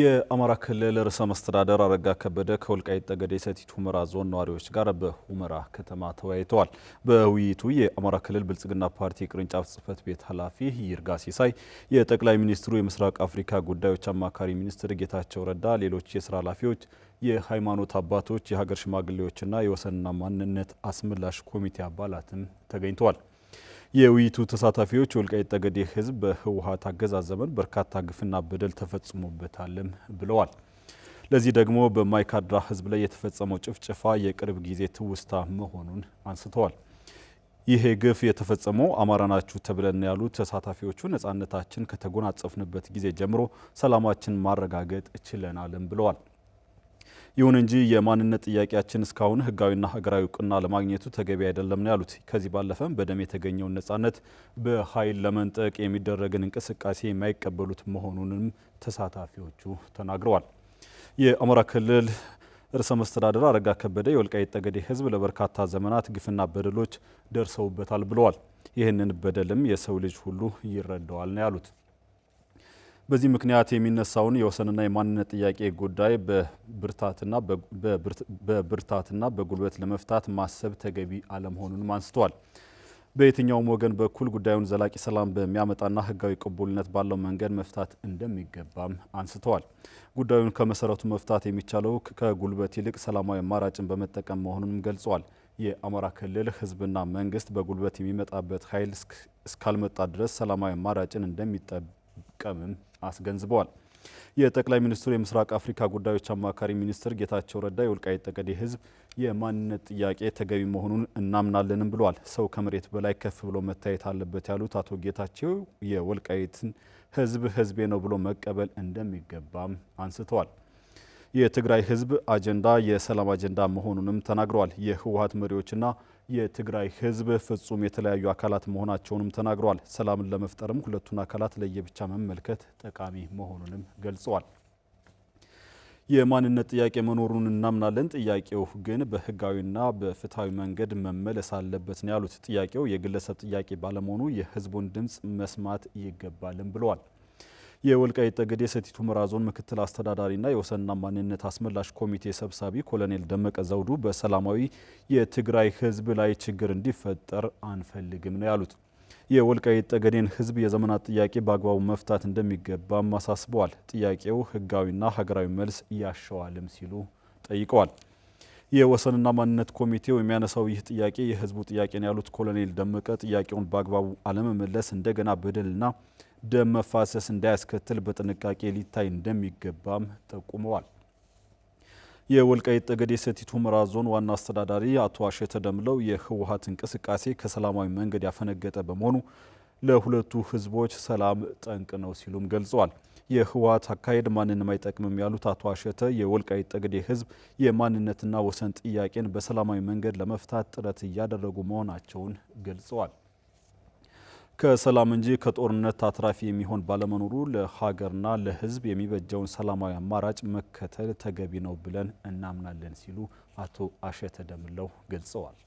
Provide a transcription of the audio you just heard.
የአማራ ክልል ርዕሰ መስተዳደር አረጋ ከበደ ከወልቃይት ጠገዴ ሰቲት ሁመራ ዞን ነዋሪዎች ጋር በሁመራ ከተማ ተወያይተዋል። በውይይቱ የአማራ ክልል ብልጽግና ፓርቲ ቅርንጫፍ ጽህፈት ቤት ኃላፊ ይርጋ ሲሳይ፣ የጠቅላይ ሚኒስትሩ የምስራቅ አፍሪካ ጉዳዮች አማካሪ ሚኒስትር ጌታቸው ረዳ፣ ሌሎች የስራ ኃላፊዎች፣ የሃይማኖት አባቶች፣ የሀገር ሽማግሌዎችና የወሰንና ማንነት አስመላሽ ኮሚቴ አባላትም ተገኝተዋል። የውይይቱ ተሳታፊዎች የወልቃይት ጠገዴ ህዝብ በህወሓት አገዛዝ ዘመን በርካታ ግፍና በደል ተፈጽሞበታልም ብለዋል። ለዚህ ደግሞ በማይካድራ ህዝብ ላይ የተፈጸመው ጭፍጨፋ የቅርብ ጊዜ ትውስታ መሆኑን አንስተዋል። ይሄ ግፍ የተፈጸመው አማራ ናችሁ ተብለን ያሉት ተሳታፊዎቹ ነጻነታችን ከተጎናጸፍንበት ጊዜ ጀምሮ ሰላማችን ማረጋገጥ ችለናልም ብለዋል። ይሁን እንጂ የማንነት ጥያቄያችን እስካሁን ህጋዊና ሀገራዊ እውቅና ለማግኘቱ ተገቢ አይደለም ነው ያሉት። ከዚህ ባለፈም በደም የተገኘውን ነጻነት በኃይል ለመንጠቅ የሚደረግን እንቅስቃሴ የማይቀበሉት መሆኑንም ተሳታፊዎቹ ተናግረዋል። የአማራ ክልል ርዕሰ መስተዳደር አረጋ ከበደ የወልቃይት ጠገዴ ህዝብ ለበርካታ ዘመናት ግፍና በደሎች ደርሰውበታል ብለዋል። ይህንን በደልም የሰው ልጅ ሁሉ ይረዳዋል ነው ያሉት። በዚህ ምክንያት የሚነሳውን የወሰንና የማንነት ጥያቄ ጉዳይ በብርታትና በጉልበት ለመፍታት ማሰብ ተገቢ አለመሆኑንም አንስተዋል። በየትኛውም ወገን በኩል ጉዳዩን ዘላቂ ሰላም በሚያመጣና ሕጋዊ ቅቡልነት ባለው መንገድ መፍታት እንደሚገባም አንስተዋል። ጉዳዩን ከመሰረቱ መፍታት የሚቻለው ከጉልበት ይልቅ ሰላማዊ አማራጭን በመጠቀም መሆኑንም ገልጸዋል። የአማራ ክልል ህዝብና መንግስት በጉልበት የሚመጣበት ኃይል እስካልመጣ ድረስ ሰላማዊ አማራጭን እንደሚጠቀምም አስገንዝበዋል። የጠቅላይ ሚኒስትሩ የምስራቅ አፍሪካ ጉዳዮች አማካሪ ሚኒስትር ጌታቸው ረዳ የወልቃይት ጠገዴ ሕዝብ የማንነት ጥያቄ ተገቢ መሆኑን እናምናለንም ብለዋል። ሰው ከመሬት በላይ ከፍ ብሎ መታየት አለበት ያሉት አቶ ጌታቸው የወልቃይትን ሕዝብ ሕዝቤ ነው ብሎ መቀበል እንደሚገባም አንስተዋል። የትግራይ ህዝብ አጀንዳ የሰላም አጀንዳ መሆኑንም ተናግረዋል። የህወሀት መሪዎችና የትግራይ ህዝብ ፍጹም የተለያዩ አካላት መሆናቸውንም ተናግረዋል። ሰላምን ለመፍጠርም ሁለቱን አካላት ለየብቻ መመልከት ጠቃሚ መሆኑንም ገልጸዋል። የማንነት ጥያቄ መኖሩን እናምናለን። ጥያቄው ግን በህጋዊና በፍትሐዊ መንገድ መመለስ አለበት ነው ያሉት። ጥያቄው የግለሰብ ጥያቄ ባለመሆኑ የህዝቡን ድምፅ መስማት ይገባልም ብለዋል። የወልቃይት ጠገዴ ሰቲት ሁመራ ዞን ምክትል አስተዳዳሪና የወሰንና ማንነት አስመላሽ ኮሚቴ ሰብሳቢ ኮሎኔል ደመቀ ዘውዱ በሰላማዊ የትግራይ ሕዝብ ላይ ችግር እንዲፈጠር አንፈልግም ነው ያሉት። የወልቃይት ጠገዴን ሕዝብ የዘመናት ጥያቄ በአግባቡ መፍታት እንደሚገባም አሳስበዋል። ጥያቄው ሕጋዊና ሀገራዊ መልስ ያሸዋልም ሲሉ ጠይቀዋል። የወሰንና ማንነት ኮሚቴው የሚያነሳው ይህ ጥያቄ የህዝቡ ጥያቄ ነው ያሉት ኮሎኔል ደመቀ ጥያቄውን በአግባቡ አለመመለስ እንደገና በደልና ደም መፋሰስ እንዳያስከትል በጥንቃቄ ሊታይ እንደሚገባም ጠቁመዋል። የወልቃይት ጠገዴ ሰቲት ሁመራ ዞን ዋና አስተዳዳሪ አቶ አሸተ ደምለው የህወሀት እንቅስቃሴ ከሰላማዊ መንገድ ያፈነገጠ በመሆኑ ለሁለቱ ህዝቦች ሰላም ጠንቅ ነው ሲሉም ገልጸዋል። የህወሓት አካሄድ ማንንም አይጠቅምም ያሉት አቶ አሸተ የወልቃይት ጠገዴ ህዝብ የማንነትና ወሰን ጥያቄን በሰላማዊ መንገድ ለመፍታት ጥረት እያደረጉ መሆናቸውን ገልጸዋል። ከሰላም እንጂ ከጦርነት አትራፊ የሚሆን ባለመኖሩ ለሀገርና ለህዝብ የሚበጀውን ሰላማዊ አማራጭ መከተል ተገቢ ነው ብለን እናምናለን ሲሉ አቶ አሸተ ደምለው ገልጸዋል።